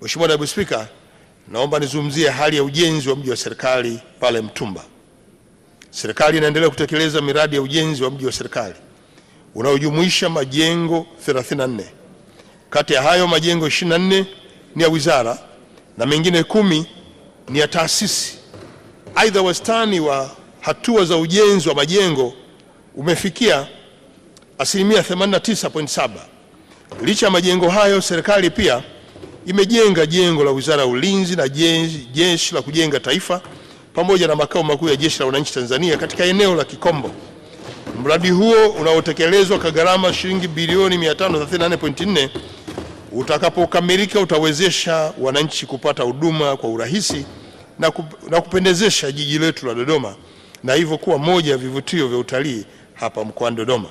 Mheshimiwa Naibu Spika, naomba nizungumzie hali ya ujenzi wa mji wa serikali pale Mtumba. Serikali inaendelea kutekeleza miradi ya ujenzi wa mji wa serikali unaojumuisha majengo 34. Kati ya hayo majengo 24 ni ya wizara na mengine kumi ni ya taasisi. Aidha, wastani wa hatua za ujenzi wa majengo umefikia asilimia 89.7. Licha ya majengo hayo, serikali pia imejenga jengo la Wizara ya Ulinzi na Jeshi, Jeshi la Kujenga Taifa pamoja na makao makuu ya Jeshi la Wananchi Tanzania katika eneo la Kikombo. Mradi huo unaotekelezwa kwa gharama shilingi bilioni 534.4 utakapokamilika utawezesha wananchi kupata huduma kwa urahisi na, kup na kupendezesha jiji letu la Dodoma na hivyo kuwa moja ya vivutio vya utalii hapa mkoani Dodoma.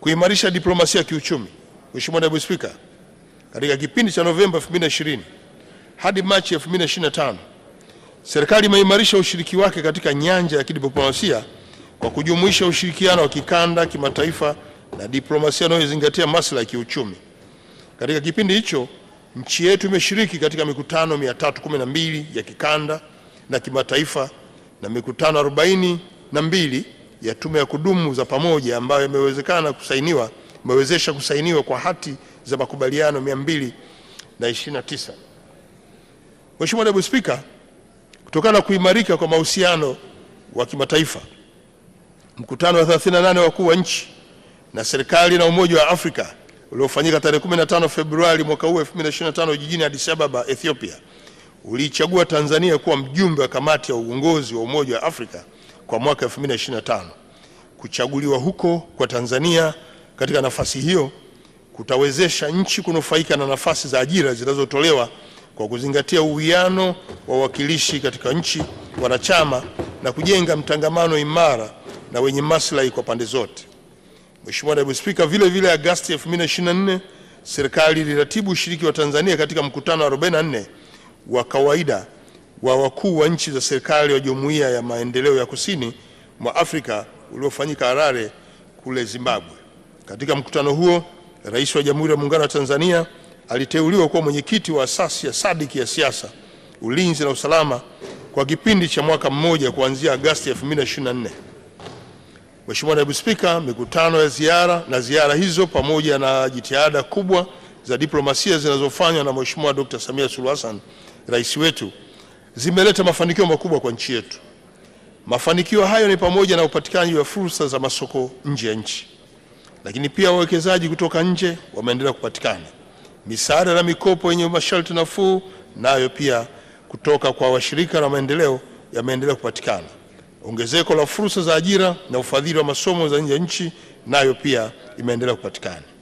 Kuimarisha diplomasia ya kiuchumi. Mheshimiwa Naibu Spika, katika kipindi cha Novemba 2020 hadi Machi 2025, serikali imeimarisha ushiriki wake katika nyanja ya kidiplomasia kwa kujumuisha ushirikiano wa kikanda, kimataifa na diplomasia inayozingatia maslahi ya kiuchumi. Katika kipindi hicho, nchi yetu imeshiriki katika mikutano 312 ya kikanda na kimataifa na mikutano 42 ya tume ya kudumu za pamoja ambayo imewezekana kusainiwa umewezesha kusainiwa kwa hati za makubaliano 229. Mheshimiwa Naibu Spika, kutokana na kuimarika kwa mahusiano wa kimataifa, mkutano wa 38 wakuu wa nchi na serikali na Umoja wa Afrika uliofanyika tarehe 15 Februari mwaka huu 2025 jijini Addis Ababa, Ethiopia, uliichagua Tanzania kuwa mjumbe wa kamati ya uongozi wa Umoja wa Afrika kwa mwaka 2025. Kuchaguliwa huko kwa Tanzania katika nafasi hiyo kutawezesha nchi kunufaika na nafasi za ajira zinazotolewa kwa kuzingatia uwiano wa wawakilishi katika nchi wanachama na kujenga mtangamano imara na wenye maslahi kwa pande zote. Mheshimiwa Naibu Spika, vile vile Agasti 2024 serikali iliratibu ushiriki wa Tanzania katika mkutano wa 44 wa kawaida wa wakuu wa nchi za serikali wa Jumuiya ya Maendeleo ya Kusini mwa Afrika uliofanyika Harare kule Zimbabwe. Katika mkutano huo, Rais wa Jamhuri ya Muungano wa Tanzania aliteuliwa kuwa mwenyekiti wa asasi ya SADC ya siasa, ulinzi na usalama kwa kipindi cha mwaka mmoja kuanzia Agosti 2024. Mheshimiwa Naibu Spika, mikutano ya ziara na ziara hizo pamoja na jitihada kubwa za diplomasia zinazofanywa na Mheshimiwa Dr. Samia Suluhu Hassan, rais wetu, zimeleta mafanikio makubwa kwa nchi yetu. Mafanikio hayo ni pamoja na upatikanaji wa fursa za masoko nje ya nchi. Lakini pia wawekezaji kutoka nje wameendelea kupatikana. Misaada na mikopo yenye masharti nafuu nayo pia kutoka kwa washirika na maendeleo yameendelea kupatikana. Ongezeko la fursa za ajira na ufadhili wa masomo za nje ya nchi nayo pia imeendelea kupatikana.